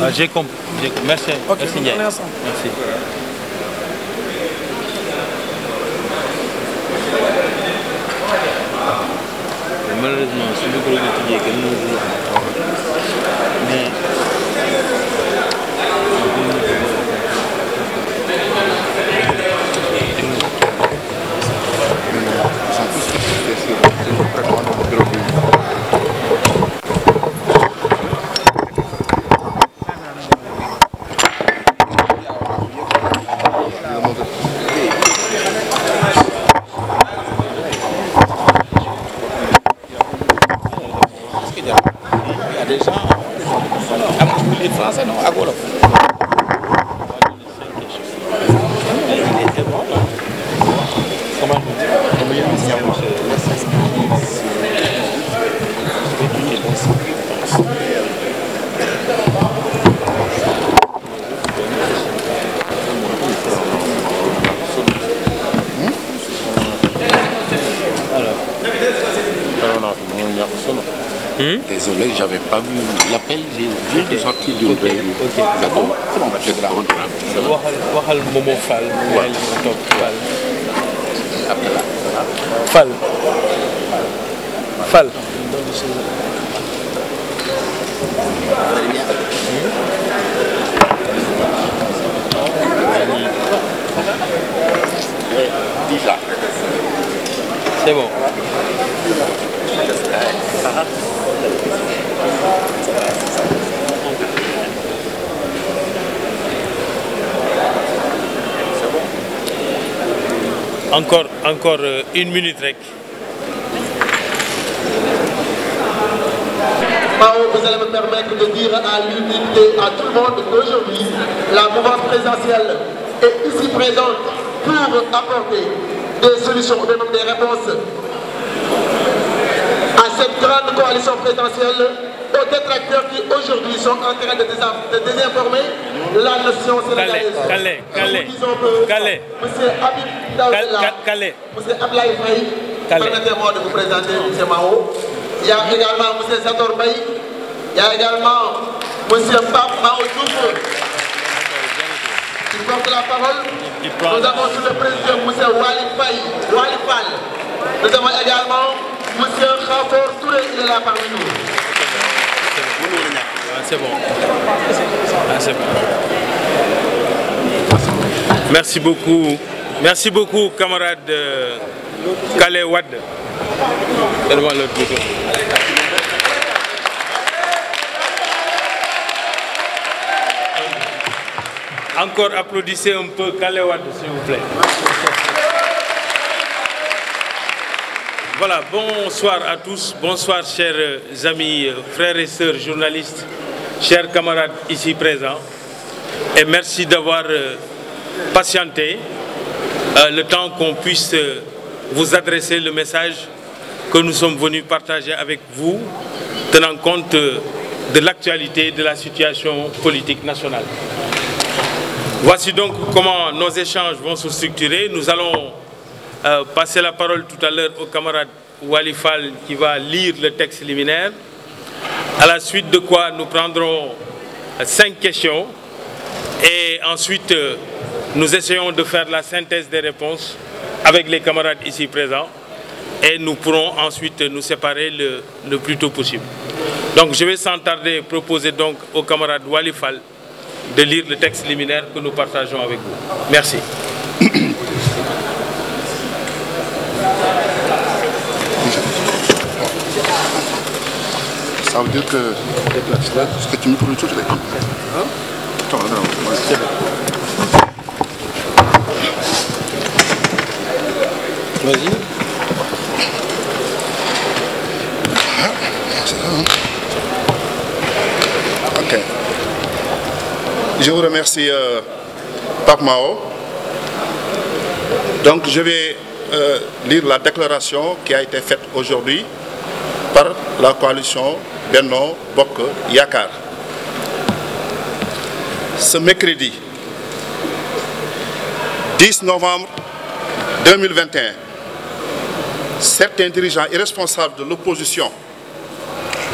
Ah, j'ai compris. Merci. Okay, Merci. malheureusement suñu kuréel yi tijjee kenn mënu ko wax. Désolé, je n'avais pas vu l'appel, j'ai juste sorti d'une réunion. D'abord, c'est la honte. waxal Momo Fall. waaw toog Fall. Fall. Fall. C'est bon. encore encore euh, une minute rek. Mao, vous allez me permettre de dire à l'unité, à tout le monde qu'aujourd'hui, la mouvance présidentielle est ici présente pour apporter des solutions, des réponses cette grande coalition présidentielle aux détracteurs qui aujourd'hui sont en train de, désinformer la nation sénégalaise. Calais, Calais, Calais, Monsieur Habib Daoudela, Calais, Monsieur Ablaï Faye, permettez-moi de vous présenter Monsieur Mao. Il y a également Monsieur Sator Baye, il y a également Monsieur Pape Mao Diouf. Il porte la parole. Nous avons sur le président Monsieur Wali Faye, Wali Fall. Nous avons également monsieur Khafor Touré il est là parmi nous. Ah, c'est bon ah, c'est bon merci beaucoup merci beaucoup camarade euh, Kale Wade. Encore applaudissez un peu Kale Wade, s'il vous plaît. Voilà, bonsoir à tous, bonsoir chers euh, amis, euh, frères et sœurs journalistes, chers camarades ici présents. Et merci d'avoir euh, patienté le temps qu'on puisse vous adresser le message que nous sommes venus partager avec vous, tenant compte de l'actualité de la situation politique nationale. Voici donc comment nos échanges vont se structurer. Nous euh, passer la parole tout à l'heure au camarade Walifal qui va lire le texte liminaire, à la suite de quoi nous prendrons euh, cinq questions et ensuite euh, nous essayons de faire la synthèse des réponses avec les camarades ici présents et nous pourrons ensuite nous séparer le, le plus tôt possible. Donc je vais sans tarder proposer donc au camarade Walifal de lire le texte liminaire que nous partageons avec vous. ça veut dire que parce que ci micro bi tuuti lay am. taxawal dara vas-y. Ah, ok. je vous remercie euh, Pape Mao. donc je vais euh, lire la déclaration qui a été faite aujourd'hui par la coalition. Benno Bokk Yaakaar ce mercredi 10 novembre 2021 certains dirigeants irresponsables de l'opposition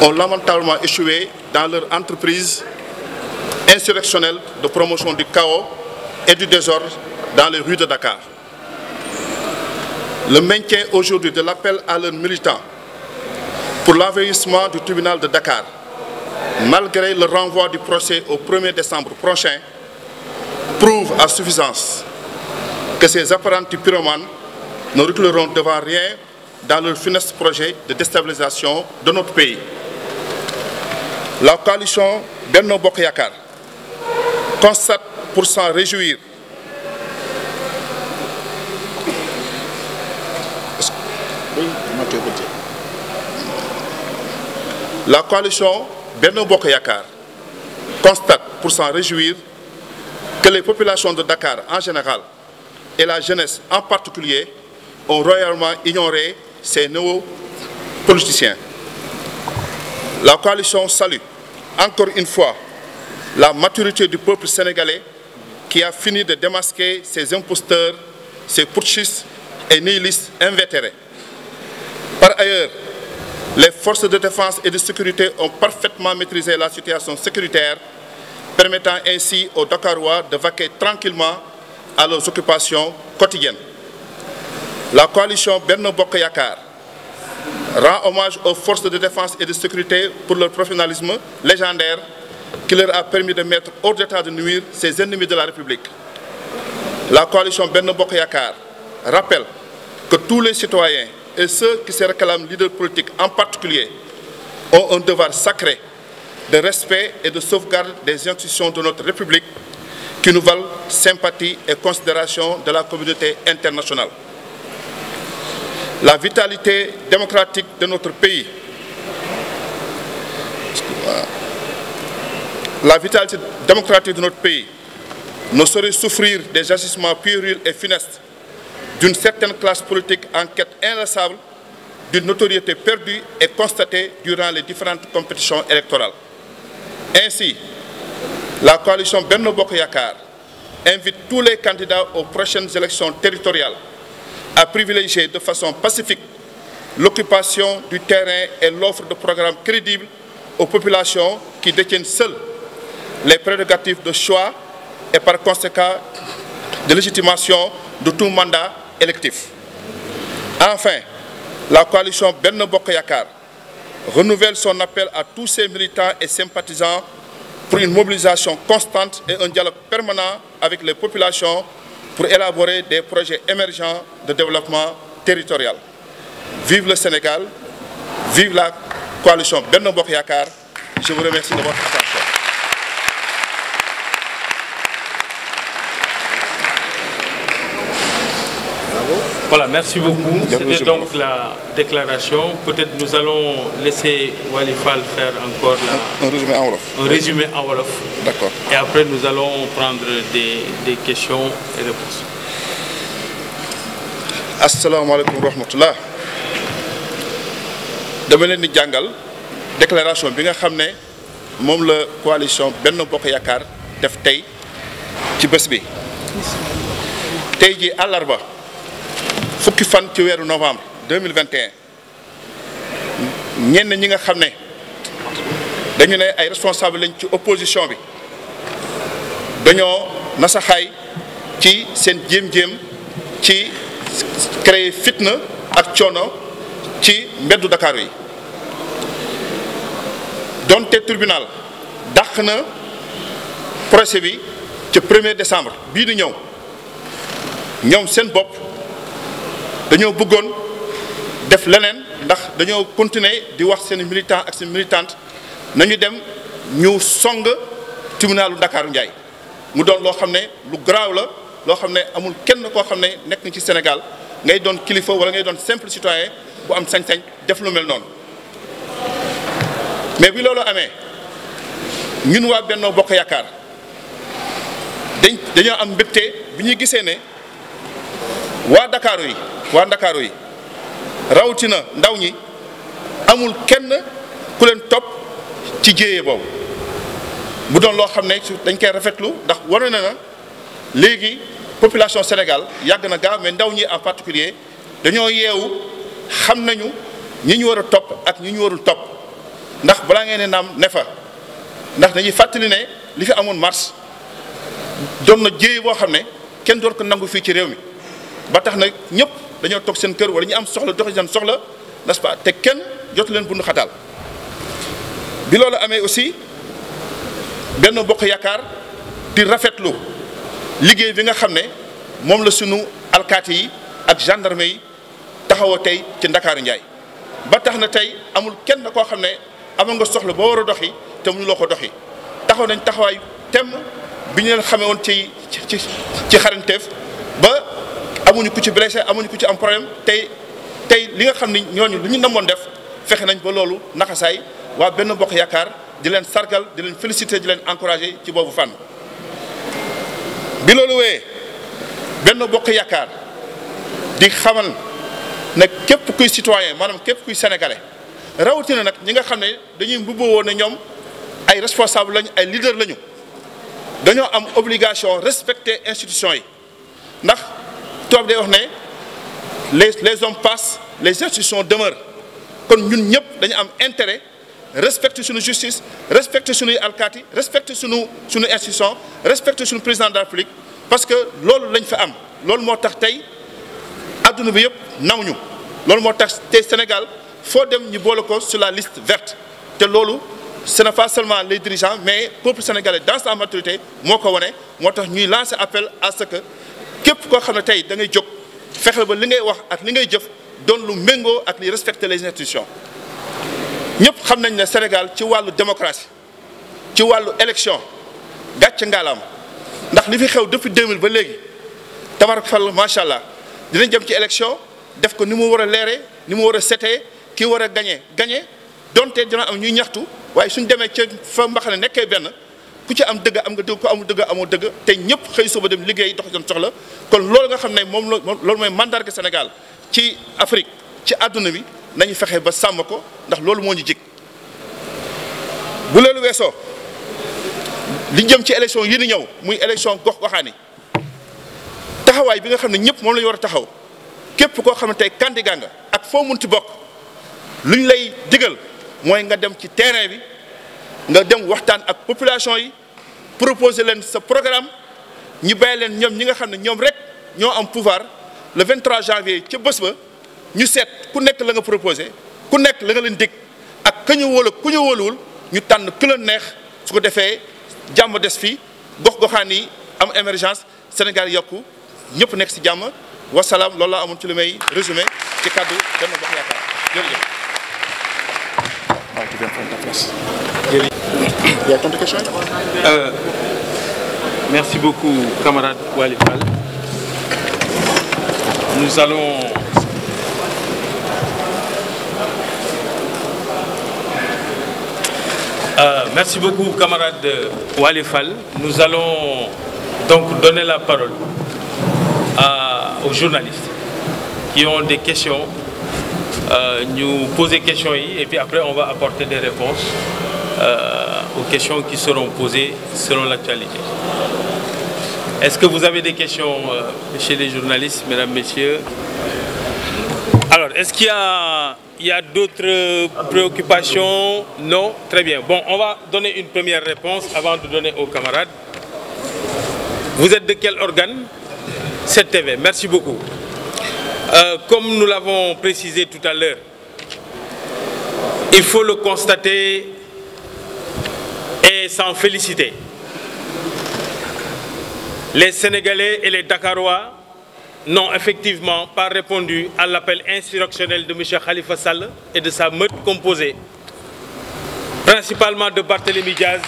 ont lamentablement échoué dans leur entreprise insurrectionnelle de promotion du chaos et du désordre dans les rues de Dakar. Le maintien aujourd'hui de l'appel à leurs militants pour l'envahissement du tribunal de Dakar, malgré le renvoi du procès au 1er décembre prochain, prouve à suffisance que ces apparentes pyromanes ne reculeront devant rien dans leur funeste projet de déstabilisation de notre pays. La coalition Benno Bokk Yakaar constate pour s'en réjouir oui. La coalition Benno Bokk Yakaar constate pour s'en réjouir que les populations de Dakar en général et la jeunesse en particulier ont royalement ignoré ces nouveaux politiciens. La coalition salue encore une fois la maturité du peuple sénégalais qui a fini de démasquer ses imposteurs, ses putschistes et nihilistes invétérés. Par ailleurs, Les forces de défense et de sécurité ont parfaitement maîtrisé la situation sécuritaire, permettant ainsi aux Dakarois de vaquer tranquillement à leurs occupations quotidiennes. La coalition Benno Bokk Yakaar rend hommage aux forces de défense et de sécurité pour leur professionnalisme légendaire qui leur a permis de mettre hors d'état de nuire ses ennemis de la République. La coalition Benno Bokk Yakaar rappelle que tous les citoyens et ceux qui se réclament leaders politiques en particulier ont un devoir sacré de respect et de sauvegarde des institutions de notre République qui nous valent sympathie et considération de la communauté internationale. La vitalité démocratique de notre pays la vitalité démocratique de notre pays ne saurait souffrir des agissements puérils et funestes d'une certaine classe politique en quête inlassable d'une notoriété perdue et constatée durant les différentes compétitions électorales. Ainsi, la coalition Benno Bokk Yakaar invite tous les candidats aux prochaines élections territoriales à privilégier de façon pacifique l'occupation du terrain et l'offre de programmes crédibles aux populations qui détiennent seules les prérogatives de choix et par conséquent de légitimation de tout mandat électif. Enfin, la coalition Ben Yakar renouvelle son appel à tous ses militants et sympathisants pour une mobilisation constante et un dialogue permanent avec les populations pour élaborer des projets émergents de développement territorial. Vive le Sénégal, vive la coalition Ben Yakar. Je vous remercie de votre attention. Voilà, merci beaucoup. donc déclaration. Peut-être nous allons laisser Walifal la... un, résumé en Wolof. en Wolof. D'accord. Et après, nous allons prendre des, des questions et réponses. Assalamu alaikum dama leen di jàngal déclaration bi nga xam ne moom la coalition benn bokk yaakaar def tey ci bés bi tey ji àllarba. fukki fan ci weeru novembre 2021 ñenn ñi nga xam ne dañu ne ay responsable lañ ci opposition bi dañoo nasaxaay ci seen jéem-jéem ci créer fitna ak coono ci mbeddu Dakar yi donte tribunal dàq na procès bi ca 1 décembre bii di ñëw ñoom seen bopp dañoo bëggoon def leneen ndax dañoo continuer di wax seeni militant ak seen militante nañu dem ñu song tribunalu Ndakaaru Njaay mu doon loo xam ne lu garaaw la loo xam ne amul kenn koo xam ne nekk na ci Sénégal ngay doon kilifa wala ngay doon simple citoyen bu am sañ-sañ def lu mel noonu mais bi loolu amee ñun waa Bennoo Bokk Yaakaar dañ dañoo am mbégte bi ñuy gisee ne waa Dakar yi waa ndakaaru yi rawatina ndaw ñi amul kenn ku leen topp ci jéeye boobu bu doon loo xam ne dañ koy rafetlu ndax wane na léegi population Sénégal yàgg na gaaw mais ndaw ñi en particulier dañoo yeewu xam nañu ñi ñu war a topp ak ñi ñu warul topp ndax balaa ngeen ne naam ne fa ndax dañuy fàttali ne li fi amoon mars doon na jéeye boo xam ne kenn doon ko nangu fii ci réew mi ba tax na ñëpp dañoo toog seen kër wala ñu am soxla doxi seen soxla n'est-ce pas te kenn jotu leen bundu xataal bi loolu amee aussi benn bokk yaakaar di rafetlu liggéey bi nga xam ne moom la sunu alkaati yi ak gendarme yi taxaw tey ci ndakaaru njaay ba tax na tey amul kenn koo xam ne amoon nga soxla boo war a doxi te mënu loo ko doxi taxaw nañ taxawaay temm bi ñu leen xamee woon ci ci ci xaranteef amuñu ku ci blessé amuñu ku ci am problème tey tey li nga xam ni ñooñu lu ñu namoon def fexe nañ ba loolu naxasaay waa benn bokk yaakaar di leen sargal di leen félicité di leen encourager ci boobu fànn bi loolu wéyee benn bokk yaakaar di xamal ne képp kuy citoyen maanaam képp kuy sénégalais rawatina nag ñi nga xam ne dañuy mbubboo woon ne ñoom ay responsable lañu ay leader lañu dañoo am obligation respecter institution yi tubaab day wax ne les les hommes passent les institutions demeurent kon ñun ñëpp dañu am intérêt respecter suñu justice respecter suñuy alkaati respecter suñu suñu institution respecter suñu président de la République parce que loolu lañ fa am loolu moo tax tey adduna bi yëpp naw ñu loolu moo tax tey Sénégal foo dem ñu boole ko sur la liste verte te loolu ce n'est pas seulement les dirigeants mais peuple sénégalais dans sa maturité moo ko wane moo tax ñuy lancer appel à ce que képp koo xam ne tey da ngay jóg fexe ba li ngay wax ak li ngay jëf doon lu méngoo ak li respecter les institutions ñëpp xam nañ ne Sénégal ci wàllu démocratie ci wàllu élection gàcc ngaalaam ndax li fi xew depuis 2000 ba léegi tabarak fal macha allah dinañ jëm ci élection def ko ni mu war a leeree ni mu war a setee kii war a gañee gañee donte dina am ñuy ñaxtu waaye suñ demee ca fa mbaxane nekkee benn ku ci am dëgg am nga dëgg ku amul dëgg amoo dëgg te ñëpp xëy suba dem liggéey dox seen soxla kon loolu nga xam ne moom la loolu mooy mandarga Sénégal ci Afrique ci àdduna bi nañu fexe ba sàmm ko ndax loolu moo ñu jig bu loolu weesoo li jëm ci élection yi nu ñëw muy élection gox goxaan taxawaay bi nga xam ne ñëpp moom la ñu war a taxaw képp koo xam ne tey candidat nga ak foo munti bokk luñ lay digal mooy nga dem ci terrain bi. nga dem waxtaan ak population yi proposer leen sa programme ñu bàyyi leen ñoom ñi nga xam ne ñoom rek ñoo am pouvoir le 23 janvier ca bés ba ñu seet ku nekk la nga proposé ku nekk la nga leen dig ak ka ñu wóolu ku ñu wóoluwul ñu tànn ku neex su ko defee jàmm des fii gox-goxaan yi am émergence Sénégal yokku ñëpp nekk si jàmm wasalaam loolu laa amoon ci lu may résumé ci kàddu Benno Bokk Yaakaar tu viens prendre ta place. Il y a tontu question euh, merci beaucoup camarade Waly Fall. Nous allons euh, merci beaucoup camarade Waly Fall. Nous allons donc donner la parole à, aux journalistes qui ont des questions Euh, ñu poser questions yi et puis après on va apporter des réponses euh, aux questions qui seront posées selon l'actualité. Est-ce que vous avez des questions, messieurs les journalistes, mesdames, messieurs Alors, est-ce il y a d'autres préoccupations Non Très bien. Bon, on va donner une première réponse avant de donner aux camarades. Vous êtes de quel organe 7TV. Merci beaucoup. Euh, comme nous l'avons précisé tout à l'heure, il faut le constater et sans féliciter. Les Sénégalais et les Dakarois n'ont effectivement pas répondu à l'appel insurrectionnel de M. Khalifa Sall et de sa meute composée, principalement de Barthélémy Diaz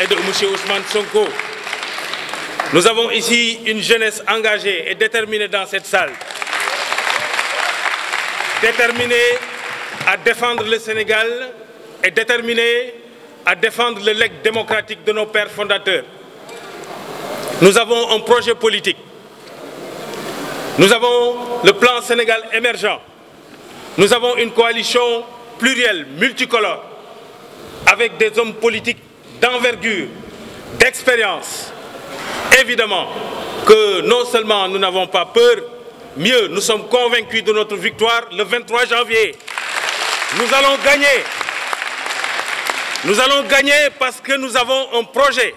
et de M. Ousmane Sonko. Nous avons ici une jeunesse engagée et déterminée dans cette salle. Déterminée à défendre le Sénégal et déterminée à défendre le legs démocratique de nos pères fondateurs. Nous avons un projet politique. Nous avons le plan Sénégal émergent. Nous avons une coalition plurielle, multicolore, avec des hommes politiques d'envergure, d'expérience, évidemment que non seulement nous n'avons pas peur, mieux, nous sommes convaincus de notre victoire le 23 janvier. Nous allons gagner. Nous allons parce que nous un projet.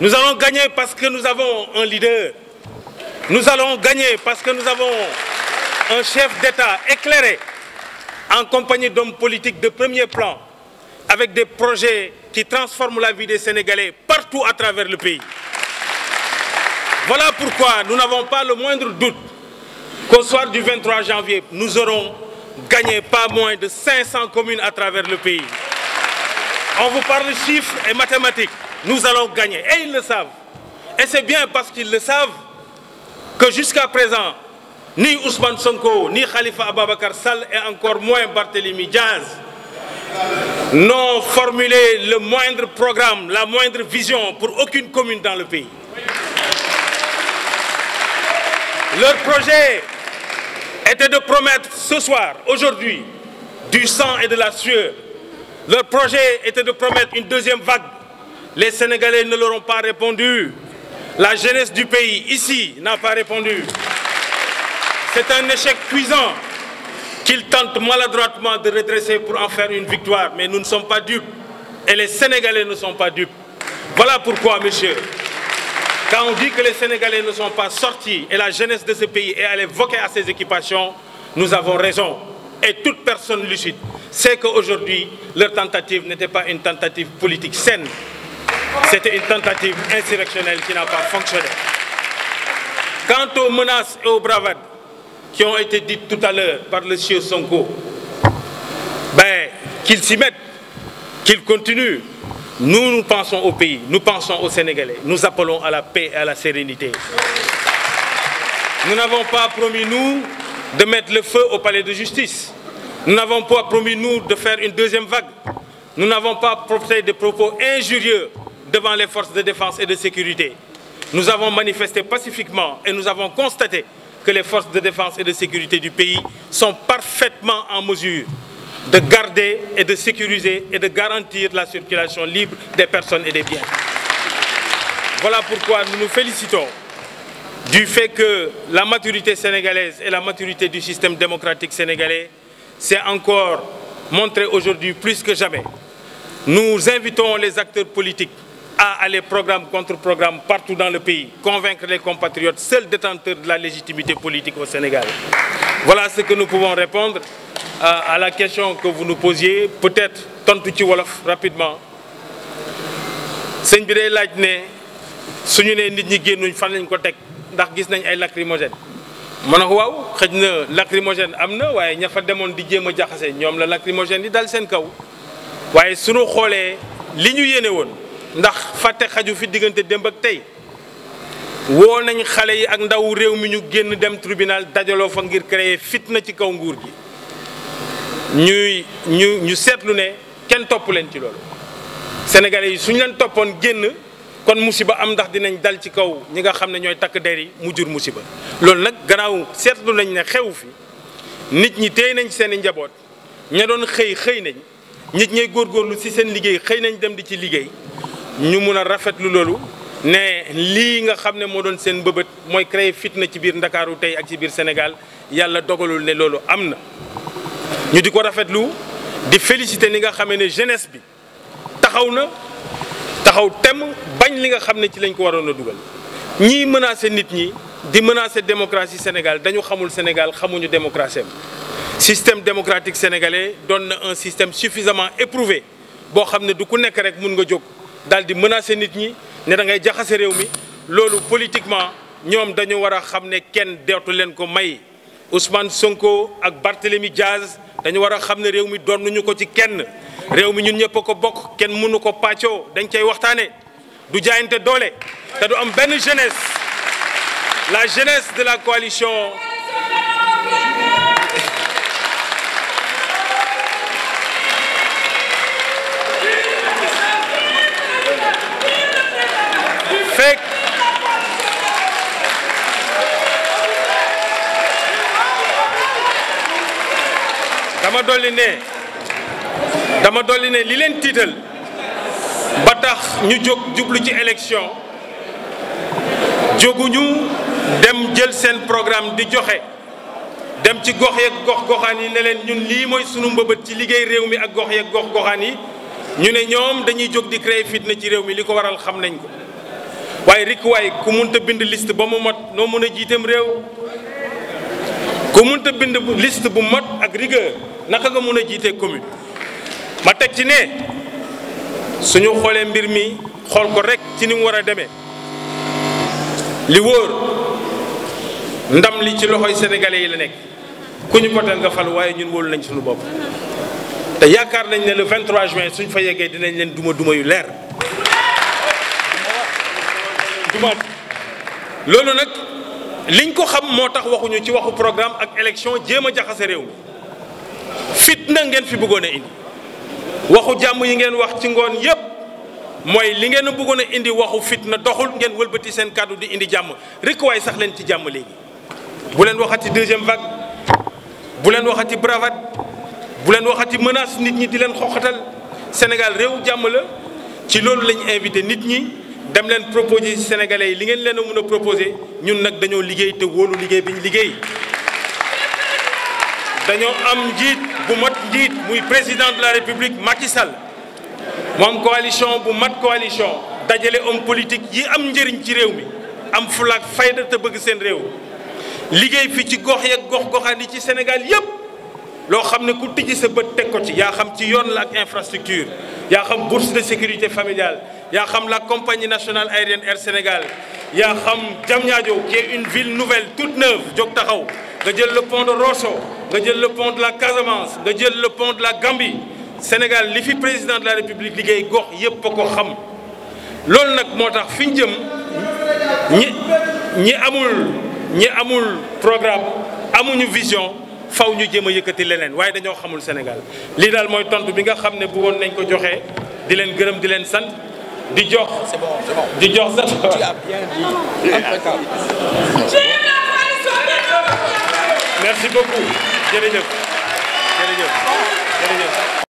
Nous allons parce que nous avons un leader. Nous allons parce que nous avons un chef d'État en compagnie d'hommes politiques de premier plan, avec des projets qui transforment la vie des Sénégalais partout à travers le pays. Voilà pourquoi nous n'avons pas le moindre doute qu'au soir du 23 janvier, nous aurons gagné pas moins de 500 communes à travers le pays. On vous parle chiffres et Et Et c'est parce qu'ils le savent que jusqu'à présent, ni Ousmane Sall et encore moins Barthélémy Diaz n'ont formulé le moindre programme, la moindre vision pour aucune commune dans le pays. Leur projet était de promettre ce soir, aujourd'hui, du sang et de la sueur. Leur projet était de promettre une deuxième vague. Les Sénégalais ne leur ont pas répondu. La jeunesse du pays, ici, n'a pas répondu. C'est un échec cuisant qu'ils tentent maladroitement de redresser pour en faire une victoire. Mais nous ne sommes pas dupes. Et les Sénégalais ne sont pas dupes. Voilà pourquoi, messieurs, Quand on dit que les Sénégalais ne sont pas sortis et la jeunesse de ce pays est allée voquer à ces occupations, nous avons raison. Et toute personne lucide sait qu'aujourd'hui, leur tentative n'était pas une tentative politique saine. C'était une tentative insurrectionnelle qui n'a pas fonctionné. Quant aux menaces et aux bravades qui ont été dites tout à l'heure par le sieur Sonko, ben, qu'ils s'y mettent, qu'ils continuent, Nous, nous pensons au pays, nous pensons aux Sénégalais. Nous appelons à la paix et à la sérénité. Nous n'avons pas promis, nous, de mettre le feu au palais de justice. Nous n'avons pas promis, nous, de faire une deuxième vague. Nous n'avons pas profité de propos injurieux devant les forces de défense et de sécurité. Nous avons manifesté pacifiquement et nous avons constaté que les forces de défense et de sécurité du pays sont parfaitement en mesure de garder et de sécuriser et de garantir la circulation libre des personnes et des biens. Voilà pourquoi nous nous félicitons du fait que la maturité sénégalaise et la maturité du système démocratique sénégalais s'est encore montrée aujourd'hui plus que jamais. Nous invitons les acteurs politiques à aller programme contre programme partout dans le pays, convaincre les compatriotes, seuls détenteurs de la légitimité politique au Sénégal. Voilà ce à la question que vous nous peut-être tontu ci wolof rapidement sëñ bi day laaj ne suñu nee nit ñi génnuñ fan lañ ko teg ndax gis nañ ay lacrymogène ma ne ko waaw xëj na lacrymogène am na waaye ña fa demoon di jéem a jaxase ñoom la lacrymogène yi dal seen kaw waaye suñu xoolee li ñu yéene woon ndax fàtte xaju fi diggante démb ak tey woo nañ xale yi ak ndaw réew mi ñu génn dem tribinal dajaloo fa ngir créer fitna ci kaw nguur gi ñuy ñu ñu seetlu ne kenn topp leen ci loolu sénégalais yi suñ leen toppoon génn kon musiba am ndax dinañ dal ci kaw ñi nga xam ne ñooy takk der yi mu jur musiba loolu nag gannaaw seetlu nañ ne xew fi nit ñi téye nañ seen i njaboot ña doon xëy xëy nañ nit ñee góor góorlu si seen liggéey xëy nañ dem di ci liggéey ñu mun a rafetlu loolu ne lii nga xam ne moo doon seen mbëbët mooy créer fitna ci biir Ndakaaru tey ak ci biir Sénégal yàlla dogalul ne loolu am na ñu di ko rafetlu di féliciter li nga xamee ne jeunesse bi taxaw na taxaw temm bañ li nga xam ne ci lañ ko waroon a dugal ñiy menacer nit ñi di menacer démocratie Sénégal dañu xamul Sénégal xamuñu démocratie am système démocratique sénégalais doon na un système suffisamment éprouvé boo xam ne du ku nekk rek mun nga jóg daal di menacer nit ñi ne da ngay jaxase réew mi loolu politiquement ñoom dañu war a xam ne kenn deetu leen ko may. Ousmane Sonko ak Barthélemy Diaz dañu war a xam ne réew mi donnuñu ko ci kenn réew mi ñun ñëpp ko bokk kenn mënu ko pàccoo dañ cay waxtaane du jaayante doole te du am benn jeunesse la jeunesse de la coalition dama dolli ne dama dolli li leen tiital ba tax ñu jóg jublu ci élection jóguñu dem jël seen programme di joxe dem ci gox yeeg gox goxaan yi ne leen ñun lii mooy sunu mbëbët ci liggéey réew mi ak gox yeeg gox goxaan yi ñu ne ñoom dañuy jóg di créer fitna ci réew mi li ko waral xam nañ ko waaye rik waay ku munta bind liste ba mu mot noo mën a jiiteem réew ku munta bind liste bu mot ak rigueur naka nga mun a jiitee commune ma teg ci ne suñu xoolee mbir mi xool ko rek ci ni mu war a demee li wóor ndam li ci loxoy sénégalais yi la nekk ku ñu voté nga fal waaye ñun wóolu nañ suñu bopp te yaakaar nañ ne le 23 juin suñ fa yeggee dinañ leen duma duma yu leer duma loolu nag liñ ko xam moo tax waxuñu ci waxu programme ak élection jéem a jaxase réew fitna ngeen fi bëggoon a indi waxu jàmm yi ngeen wax ci ngoon yépp mooy li ngeen a bëggoon a indi waxu fitna doxul ngeen wëlbati seen kàddu di indi jàmm rekk waaye sax leen ci jàmm léegi bu leen waxati deuxième vague bu leen waxati bravade bu leen waxati menace nit ñi di leen xoxatal Sénégal réew jàmm la ci loolu lañu invité nit ñi dem leen proposé ci sénégalais yi li ngeen leen a mën a proposé ñun nag dañoo liggéey te wóolu liggéey bi ñu liggéey dañoo am bu mat njiit muy président de la république Macky Sall mu am coalition bu mat coalition dajale homme politique yi am njëriñ ci réew mi am fulaak fayda te bëgg seen réew liggéey fi ci gox yeeg gox goxaan yi ci Sénégal yépp loo xam ne ku tijji sa bët teg ko ci yaa xam ci yoon la ak infrastructure yaa xam bourse de sécurité familiale yaa xam la compagnie nationale aérienne Air Sénégal yaa xam Diamniadio qui est une ville nouvelle toute neuve jóg taxaw nga jël le pont de Rosso nga jël le pont de la Casamance nga jël le pont de la Gambie Sénégal li fi président de la République liggéey gox yépp a ko xam loolu nag moo tax fi ñu jëm ñi ñi amul ñi amul programme amuñu vision faw ñu jéem a yëkkati leneen waaye dañoo xamul Sénégal lii daal mooy tontu bi nga xam ne bëggoon nañ ko joxe di leen gërëm di leen sant di jox ah, di jox sa merci beaucoup jërëjëf jërëjëf jërëjëf